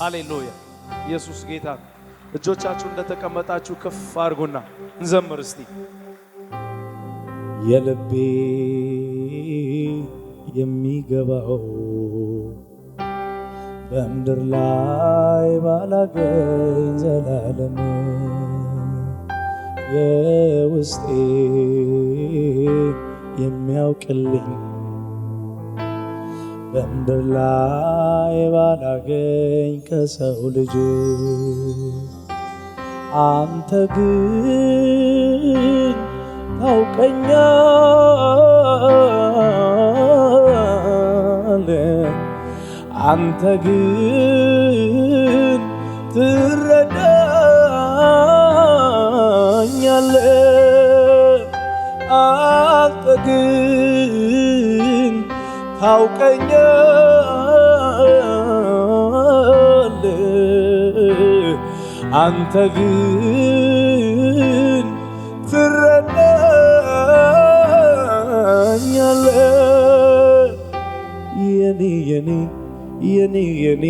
ሃሌሉያ! ኢየሱስ ጌታ። እጆቻችሁ እንደተቀመጣችሁ ከፍ አድርጉና እንዘምር እስቲ። የልቤ የሚገባው በምድር ላይ ባላገኝ ዘላለም የውስጤ የሚያውቅልኝ በምድር ላይ ባላገኝ ከሰው ልጅ አንተ ግን ታውቀኛል፣ አንተ ግን ትረዳኛል፣ አንተ ግን ታውቀኛል አንተ ግን ትረዳኛለ የኔ የኔ የኔ የኔ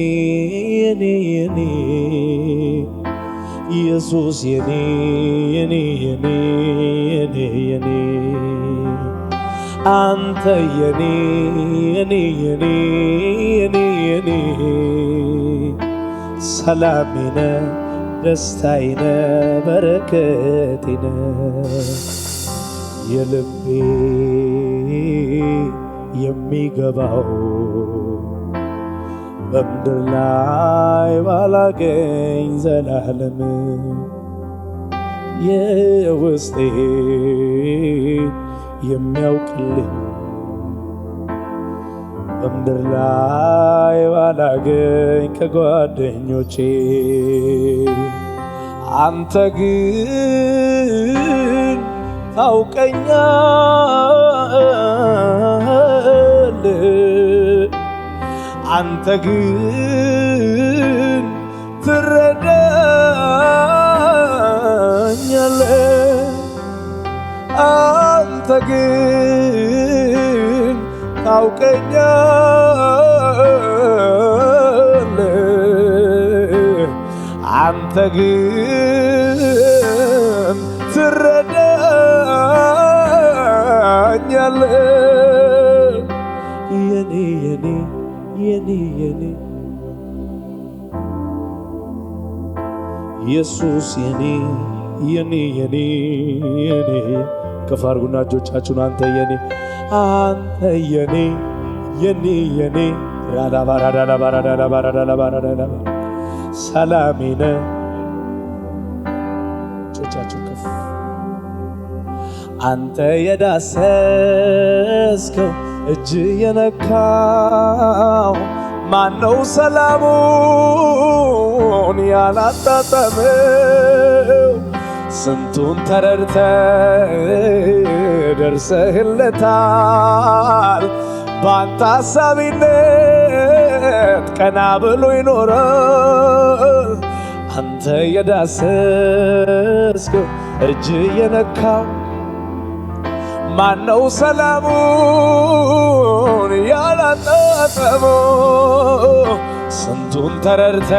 የኔ የኔ ኢየሱስ የኔ የኔ የኔ የኔ የኔ አንተ የኔ የኔ የኔ የኔ የኔ ሰላሜነ ደስታይነ በረከቴነ የልቤ የሚገባው በምድር ላይ ባላገኝ ዘላለም የውስጤ የሚያውቅልኝ በምድር ላይ ባላገኝ ከጓደኞቼ አንተ ግን ታውቀኛል አንተ ግን ትረዳኛለ አንተ ግን ታውቀኛል አንተ ግን ትረዳኛል የኔ የኔ የኔ የኔ ኢየሱስ የኔ የኔ የኔ የኔ ከፍ አድርጉና እጆቻችሁን አንተ የኔ አንተ የኔ የኔ የኔ ራዳባራዳባራዳባራዳባራዳባ ሰላሜነ እጆቻችሁን ከፍ አንተ የዳሰስከው እጅ የነካው ማነው ሰላሙን ያላጣጠመው? ስንቱን ተረድተ ደርሰህለታል። በአንታ አሳቢነት ቀና ብሎ ይኖረ አንተ የዳሰስከው እጅ የነካው ማነው? ሰላሙን ያላጣጠመው ስንቱን ተረድተ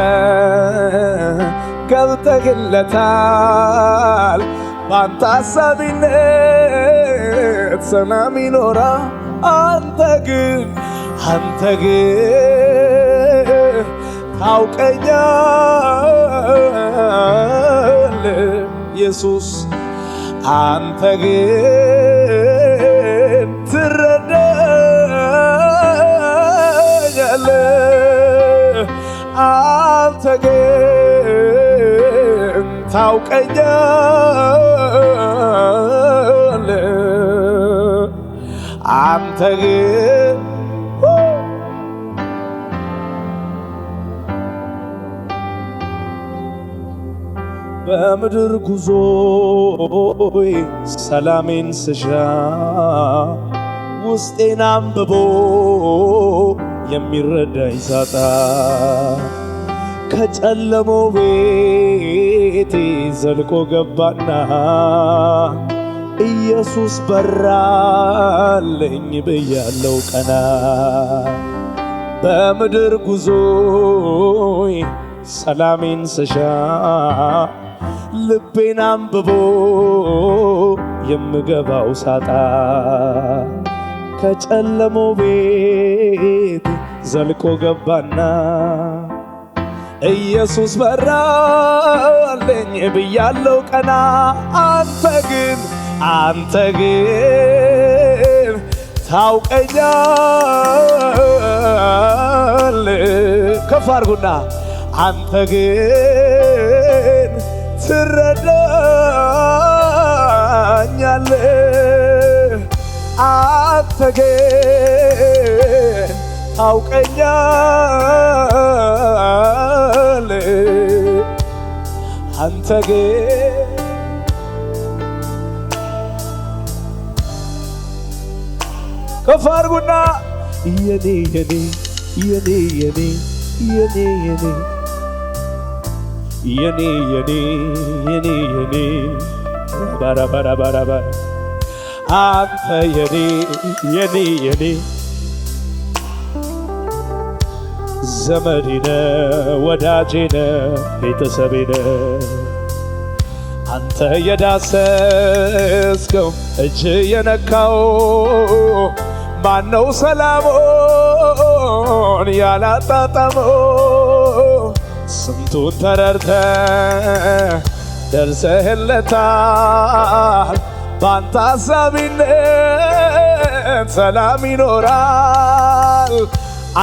ገብተህለታል። በአንተ አሳቢነት ሰላም ይኖራ። አንተ ግን አንተ ግን ታውቀኛል ኢየሱስ አንተ ግን ትረዳኛል አንተ ግን ታውቀኛል አንተ ግን በምድር ጉዞዬ ሰላሜን ስሻ ውስጤን አንብቦ የሚረዳኝ ሳጣ ከጨለመው ቤቴ ዘልቆ ገባና ኢየሱስ በራልኝ ብያለው ቀና በምድር ጉዞይ ሰላሜን ስሻ ልቤን አንብቦ የምገባው ሳጣ ከጨለመው ቤት ዘልቆ ገባና ኢየሱስ በራልኝ ብያለው ቀና አንተ ግን አንተ ግን ታውቀኛል ከፍ አርጉና አንተ ግን ትረዳኛል አንተ ግን ታውቀኛል አንተ ጌ ከፍ አድርጉና የኔ የኔ የኔ የኔ የኔ የኔ የኔ የኔ የኔ የኔ ባራ ባራ ባራ ባራ አንተ የኔ የኔ የኔ ዘመዴነ ወዳጄነ ቤተሰቤነ አንተ የዳሰስከው እጅ የነካው ማነው ሰላሙን ያላጣጣመው? ስንቱን ተረድተ ደርሰህለታል። ባንተ አሳቢነት ሰላም ይኖራል።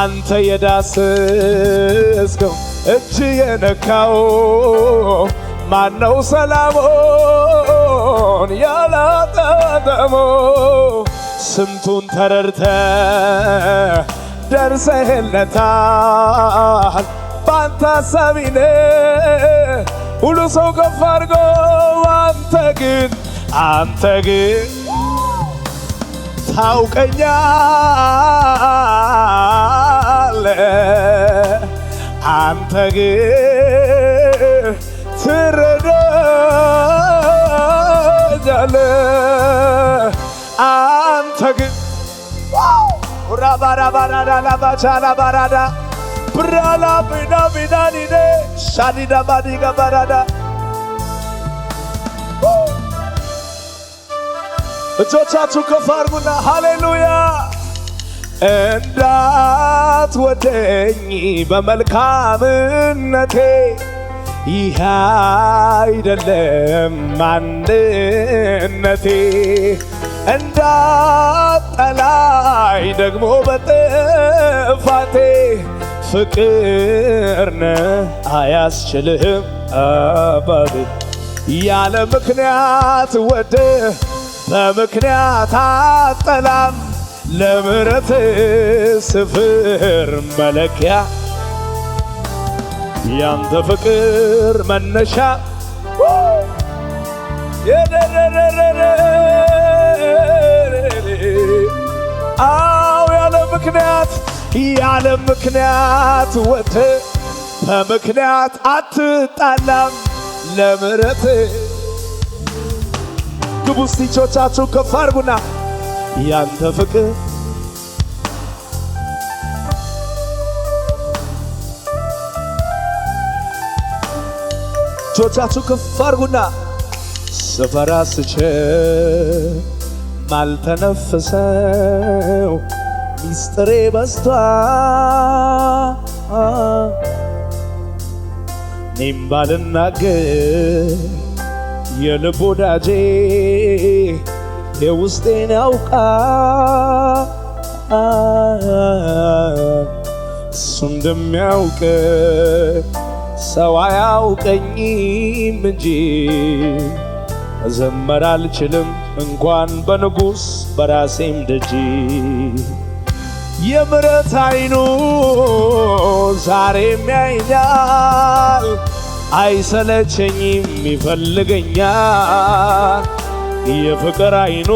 አንተ የዳሰስከው እጅ የነካው ማነው ሰላሙን ያላጣጠመው? ስንቱን ተረድተ ደርሰህለታል። ባንተ አሳቢነ ሁሉ ሰው ከፍ አድርጎ አንተ ግን አንተ ግን ታውቀኛ አንተ ግን ትረዳኛለህ። አንተ ግን ራባራባራዳላባቻላባራዳ ብራላ ቢና ሻዲዳ ባዲጋ ባራዳ እጆቻችሁ ከፍ አድርጉና ሃሌሉያ እንዳትወደኝ በመልካምነቴ ይህ አይደለም ማንነቴ እንዳጠላይ ደግሞ በጥፋቴ ፍቅርነ አያስችልህም አባቴ ያለ ምክንያት ወደ በምክንያት አጠላም ለምሕረት ስፍር መለኪያ ያንተ ፍቅር መነሻ አው ያለ ምክንያት ያለ ምክንያት ወተ በምክንያት አትጣላም ለምሕረት ግቡ። ከፍ አድርጉና ያንተ ፍቅር እጆቻችሁ ከፍ አድርጉና ስፈራ ስችል ማልተነፍሰው ሚስጥሬ በስቷ እኔም ባልናገር የልብ ወዳጄ የውስጤን ያውቃል እሱ እንደሚያውቅ ሰው አያውቀኝም እንጂ መዘመር አልችልም እንኳን በንጉሥ በራሴም ደጅ የምረት አይኑ ዛሬም ያይኛል አይሰለቸኝም ይፈልገኛል የፍቅር አይኑ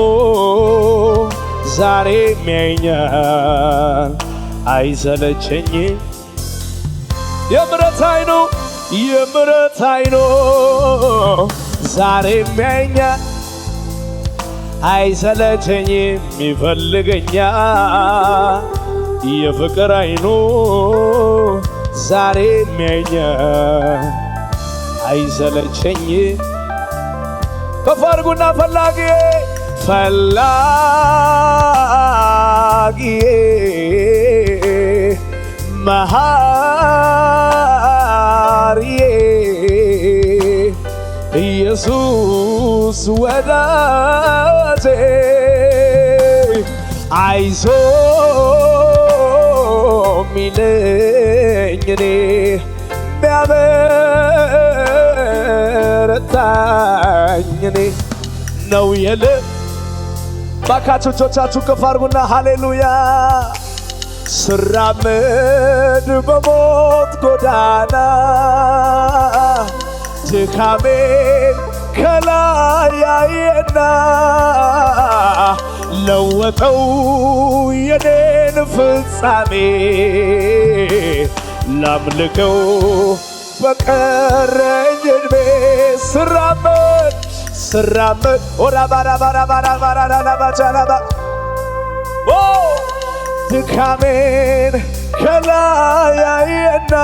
ዛሬም ያይኛል አይሰለቸኝም የምረት አይኑ የምረት አይኖ ዛሬ ያየኛል፣ አይሰለቸኝም የሚፈልገኛ የፍቅር አይኖ ዛሬ ያየኛል፣ አይሰለቸኝም ከፍ አድርጉና ፈላጊ ፈላጊ መሃ ኢየሱስ ወዳጄ አይዞ ሚለኝ እኔ ሚያበረታኝ እኔ ነው የል ባካችሁ እጆቻችሁ ከፍ አድርጉና ሃሌሉያ ስራመድ በሞት ጎዳና ድካሜን ከላይ ያየና ለወጠው የኔን ፍጻሜ ላምልከው በቀረኝ እድሜ ስራመድ ስራመድ ኦራባራባራባራባራባቻላባ ድካሜን ከላይ ያየና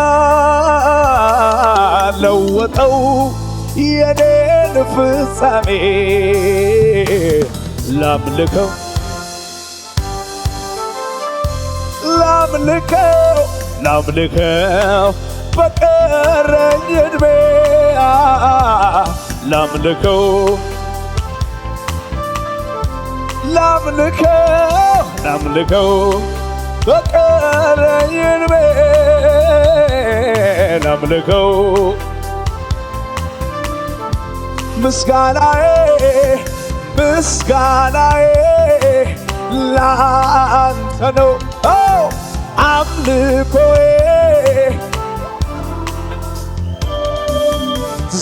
ለወጠው የኔን ፍጻሜ ላምልከው ላምልከው ላምልከው በቀረኝ እድሜ ላምልከው ላምልከው ላምልከው በቀረኝን ቤን አምልከው ምስጋናዬ ምስጋናዬ ላንተ ነው አምልኮዬ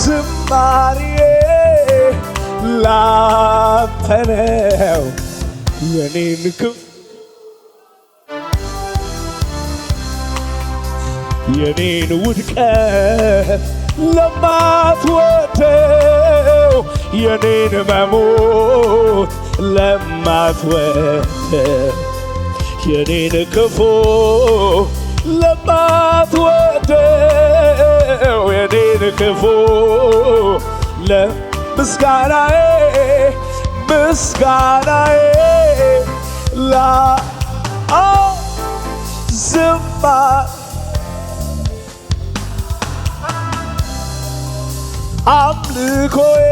ዝማሬዬ ላንተ ነው የኔን የኔን ውድቀት ለማትወደው የኔን መሞት ለማትወደው የኔን ክፉ ለማትወደው የኔን ክፉ ለምስጋናዬ ምስጋናዬ ላ ዝማ አምልኮዬ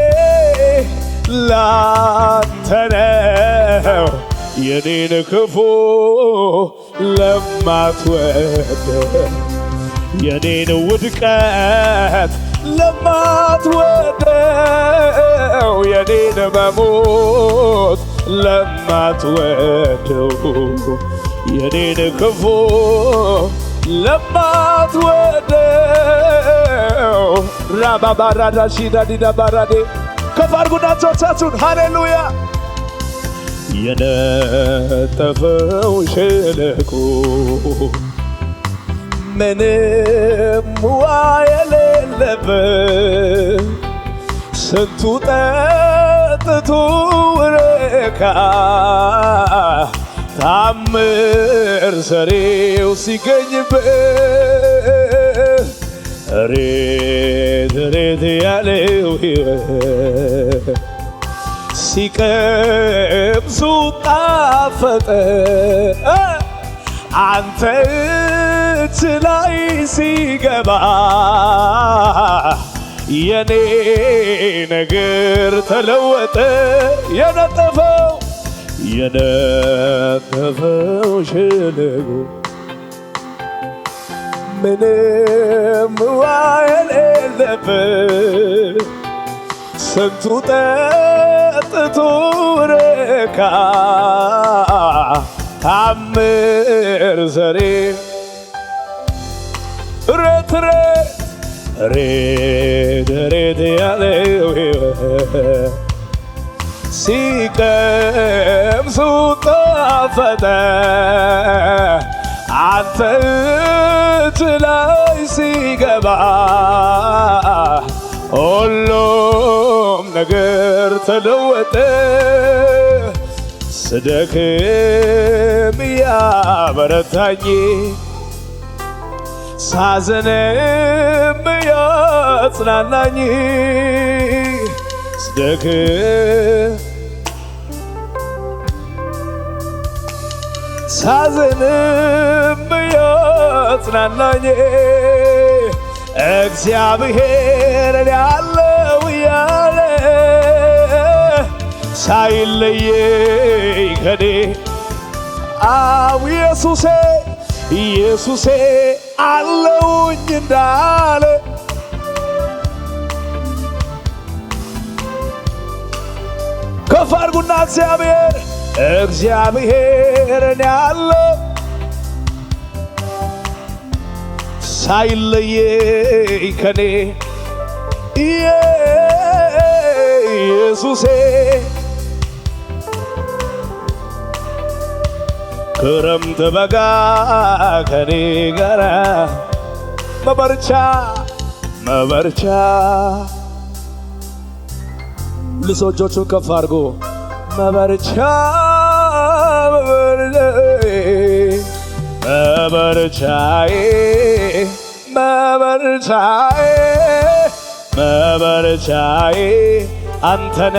ላንተነው የኔን ክፉ ለማትወድ የኔን ውድቀት ለማትወደው የኔን መሞት ለማትወደው የኔን ክፉ ለማት ወደው ራባባራዳ ሺዳዲዳባራዴ ከፍ ሃሌሉያ የነጠፈው ሸለቆ ምንም ውሃ የሌለበት ስንቱ ጠጥቶ ረካ ሲያምር ዘሬው ሲገኝበት እሬት እሬት ያለው ሕይወት ሲቀምሱ ጣፈጠ አንተ እጅ ላይ ሲገባ የኔ ነገር ተለወጠ የነጠፈ የነፈፈው ሸለቆ ምንም ዋይል የለበት ሰንቱ ጠጥቶ ረካ ታምር ዘሬ ረትረ ሬደሬት ያለው ሲቀምሱ ጣፈጠ አፍንጭ ላይ ሲገባ ሁሉም ነገር ተለወጠ። ስደክም ያበረታኝ ሳዝንም ያጽናናኝ ስደክም ሳዝንም ያጽናናኝ እግዚአብሔር ያለው እያለ ሳይለየኝ ከኔ ኢየሱሴ ኢየሱሴ አለውኝ እንዳለ ከፍ አድርጉና እግዚአብሔር እግዚአብሔርን ያለው ሳይለየ ከኔ ኢየሱሴ ክረምት በጋ ከኔ ጋር መበርቻ መበርቻ እጆቹን ከፍ አድርጎ መበርቻ ክብር መበርቻዬ መበርቻዬ መበርቻዬ አንተነ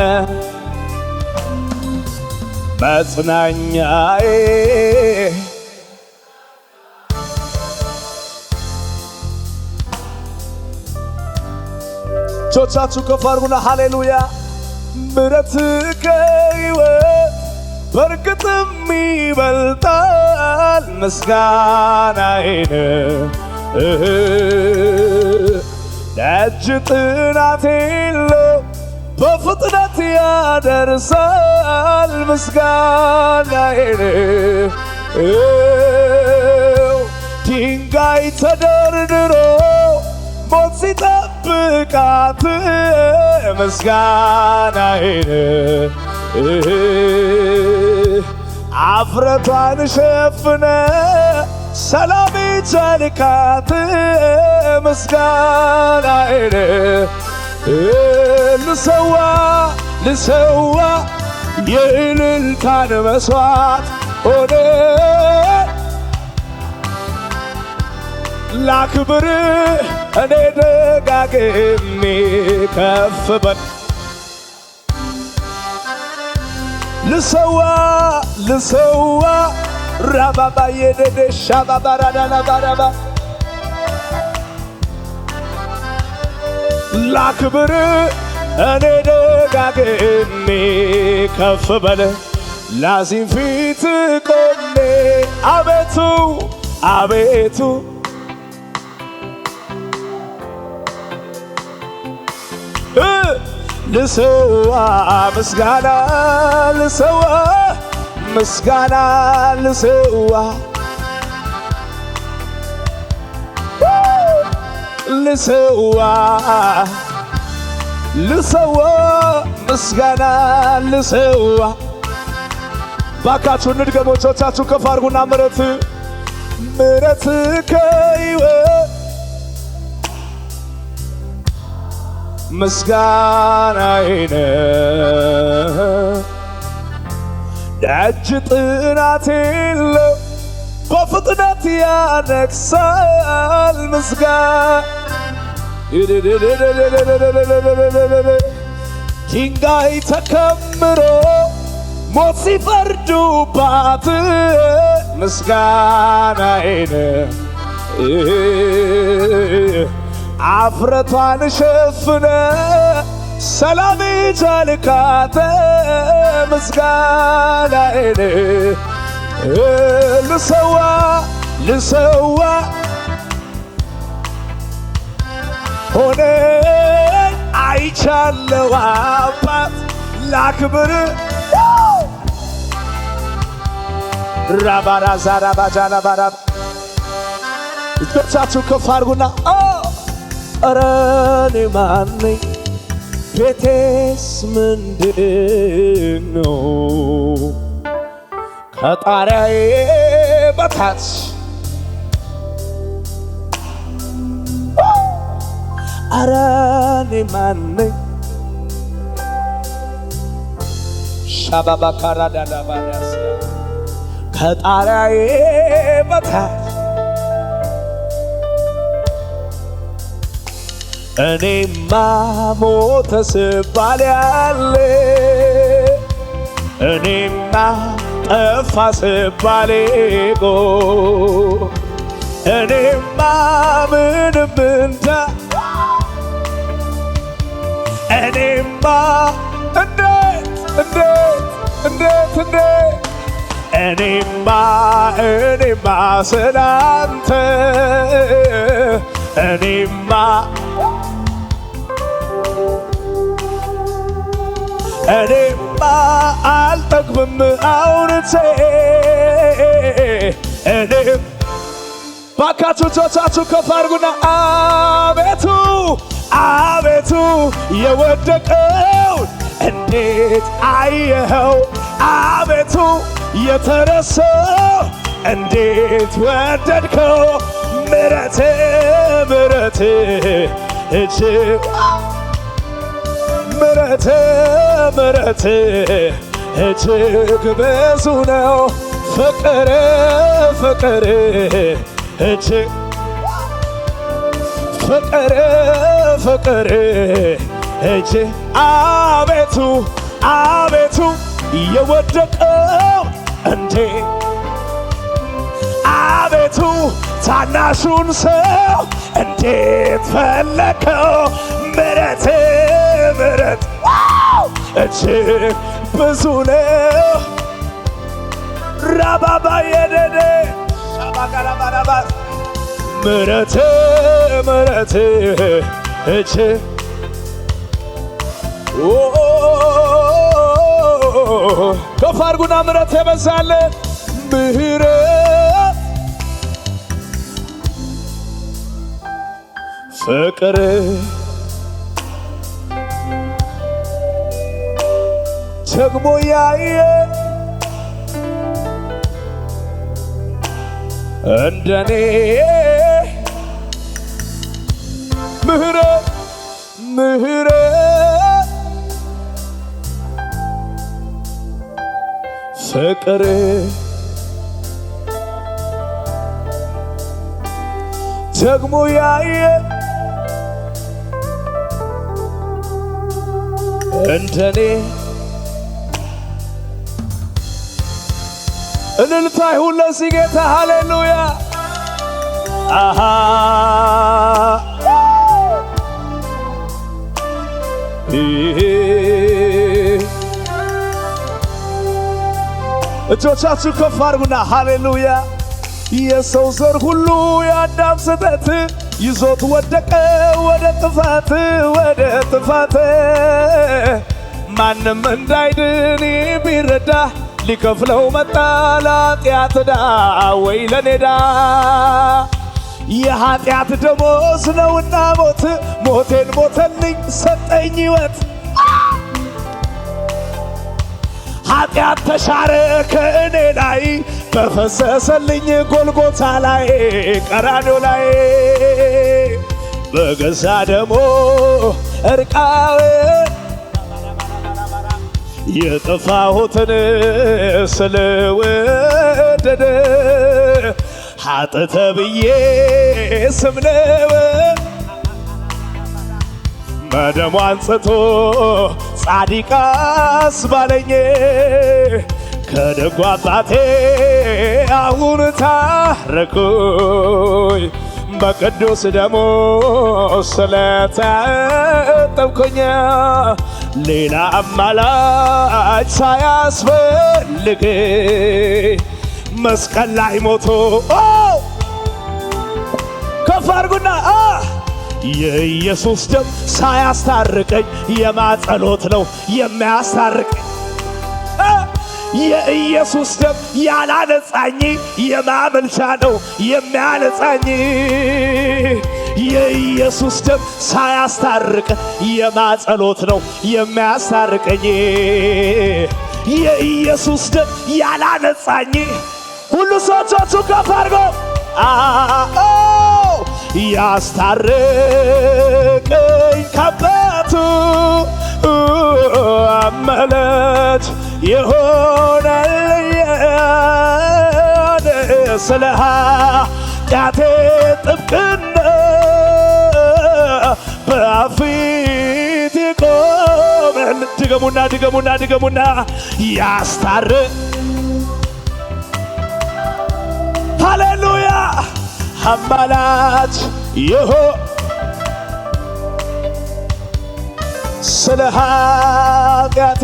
መጽናኛዬ እጆቻችሁ ከፍ ሃሌሉያ ምረት ከይወ በእርግጥም ይበልጣል ምስጋናዬን ለእጅ ጥናት የለው በፍጥነት ያደርሳል ምስጋናዬን ድንጋይ ተደርድሮ ሞት ሲጠብቃት ምስጋናዬን አፍረቷን ሸፍነ ሰላም ይጨልካት ምስጋና አይነ ልሰዋ ልሰዋ የእልልታን መስዋዕት ሆነ ላክብር እኔ ደጋግሜ ከፍ በል ልሰዋ ልሰዋ ራባባ የደደ ሻባባ ራዳናባራባ ላክብር እኔ ደጋግሜ ከፍ በለ ላዚም ፊት ቆሜ አቤቱ አቤቱ እ ልሰዋ ምስጋና ልሰዋ ምስጋና ልሰዋ ልሰዋ ልሰዋ ምስጋና ባካችሁ ምረት ምረት ምስጋናዬነ ደጅ ጥናት የለው በፍጥነት ያነግሳል ምስጋና ድንጋይ ተከምሮ ሞት ሲፈርዱባት ምስጋናዬነ አፍረቷን ሸፍነ ሰላም ምስጋና ምስጋናዬን ልሰዋ ልሰዋ ሆነ አይቻለው አባት ላክብር ራባራዛ ራባጃ ራባራ እጆቻችሁ ከፍ አድርጉና እረ እኔ ማን ነኝ? ቤቴስ ምንድን ነው? ከጣሪያዬ በታች እረ እኔ ማን ነኝ? ሻባባካራዳዳባዳስ ከጣሪያዬ በታች እኔማ ሞተ ስባል ያለ እኔማ ጠፋ ስባል ጎ እኔማ ምንም እንዳ እኔማ እንዴት እንዴት እንዴት እኔማ እኔማ ስላንተ እኔማ እኔማ አልጠግብም አውርቼ እኔም ባካችሁ እጆቻችሁ ከፍ አድርጉና አቤቱ አቤቱ የወደቀውን እንዴት አየኸው? አቤቱ የተረሰው እንዴት ወደድከው? ምረት ምረት እጅ ምረት ምረት እጅግ ብዙ ነው ፍቅር ፍቅር እጅ ፍቅር ፍቅር እጅ አቤቱ አቤቱ የወደቀው እንዴ ታናሹን ሰው እንዴት ፈለከው? ምረት ምረት እጅግ ብዙ ነው። ራባባ የደደ ሻባቃራባራባ ምረት ምረት እች ከፍ አድርጉና ምረት የበዛለ ምህረት ፍቅር ደግሞ ያየ እንደኔ ምህረት ምህረት ፍቅር ደግሞ ያየ እንደኔ እልልታ ይሁን ለዚህ ጌታ ሃሌሉያ። አሃ እጆቻችሁ ከፍ አድርጉና ሃሌሉያ የሰው ዘር ሁሉ የአዳም ስጠት ይዞት ወደቀ ወደ ጥፋት ወደ ጥፋት ማንም እንዳይድን ቢረዳ ሊከፍለው መጣ ለኃጢአት ዕዳ ወይ ለኔዳ የኃጢአት ደሞዝ ነውና ሞት ሞቴን ሞተልኝ ሰጠኝ ሕይወት ኃጢአት ተሻረ ከእኔ ላይ በፈሰሰልኝ ጎልጎታ ላይ ቀራኔው ላይ በገዛ ደሞ እርቃዌ የጠፋሁትን ስለወደደ ኃጥእ ብዬ ስምነው በደሙ አንጽቶ ጻድቃስ ባለኝ ከደጉ አባቴ አሁን ታረኩኝ በቅዱስ ደሙ ስለታጠብኩኝ ሌላ አማላጅ ሳያስፈልግ መስቀል ላይ ሞቶ ከፍ አድርጉና የኢየሱስ ደም ሳያስታርቀኝ የማጸሎት ነው የሚያስታርቀኝ የኢየሱስ ደም ያላነጻኝ የማመልቻ ነው የሚያነጻኝ የኢየሱስ ደም ሳያስታርቅ የማጸሎት ነው የሚያስታርቀኝ የኢየሱስ ደም ያላነጻኝ ሁሉ ሰዎቹ ከፍ አድርጎ ያስታርቀኝ ከበቱ አመለች ይሆናል ስለ ኃጢአቴ ጥብቅና በፊት ይቆማል። ድገሙና ድገሙና ድገሙና ያስታር ሃሌሉያ አማላጅ ይሆ ስለ ኃጢአቴ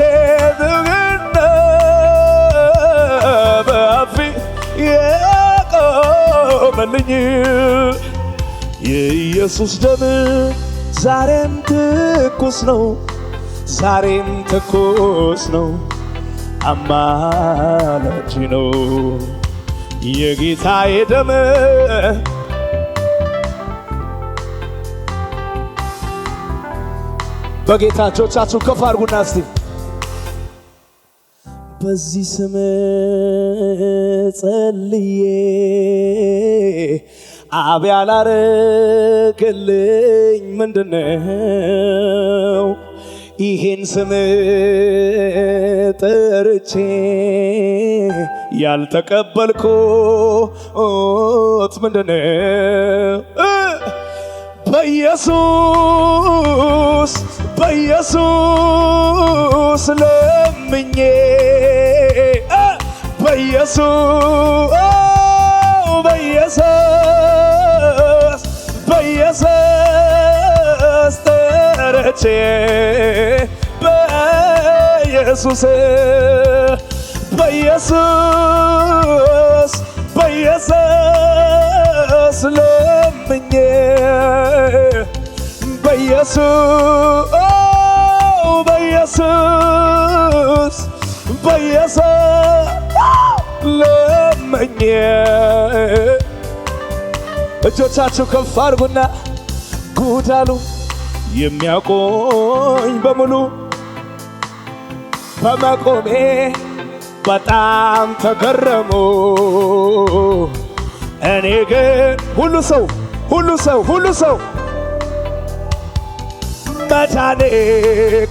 የቆመልኝ የኢየሱስ ደም ዛሬም ትኩስ ነው፣ ዛሬም ትኩስ ነው፣ አማላጅ ነው የጌታዬ ደም በጌታ እጆቻችሁ ከፍ አድርጉና እስቲ በዚህ ስም ጸልዬ አብ ያላረክልኝ ምንድነው? ይሄን ስም ጠርቼ ያልተቀበልኩት ምንድነው? በኢየሱስ በኢየሱስ ለምኜ በኢየሱስ በኢየሱስ በኢየሱስ ተረቼ በኢየሱስ በኢየሱስ በኢየሱስ ለምኜ በኢየሱስ በኢየሱስ ፈየሰ ለመኘ። እጆቻችሁ ከፍ አድርጉና ጉዳሉ የሚያቆኝ በሙሉ በመቆሜ በጣም ተገረሙ። እኔ ግን ሁሉ ሰው ሁሉ ሰው ሁሉ ሰው መዳኔ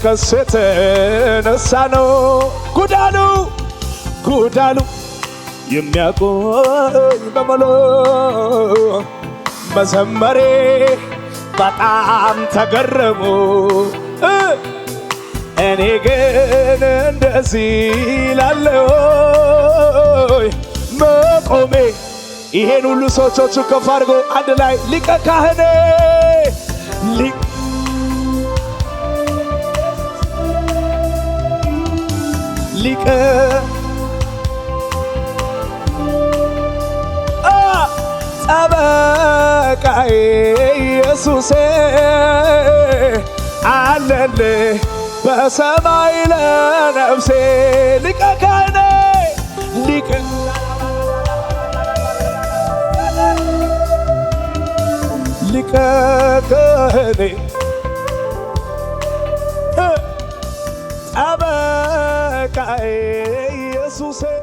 ከሱ የተነሳ ነው። ጉዳሉ ጉዳሉ የሚያቆይ በመሎ መዘመሬ በጣም ተገረሙ። እኔ ግን እንደዚህ ላለው መቆሜ ይሄን ሁሉ ሰዎቹ ከፍ አድርገው አንድ ላይ ሊቀ ካህኔ ሊቀ ጠበቃዬ ኢየሱሴ አለልህ በሰማይ ለነፍሴ ሊቀ ካህኔ ሊቀ ሊቀ ካህኔ É, é Jesús é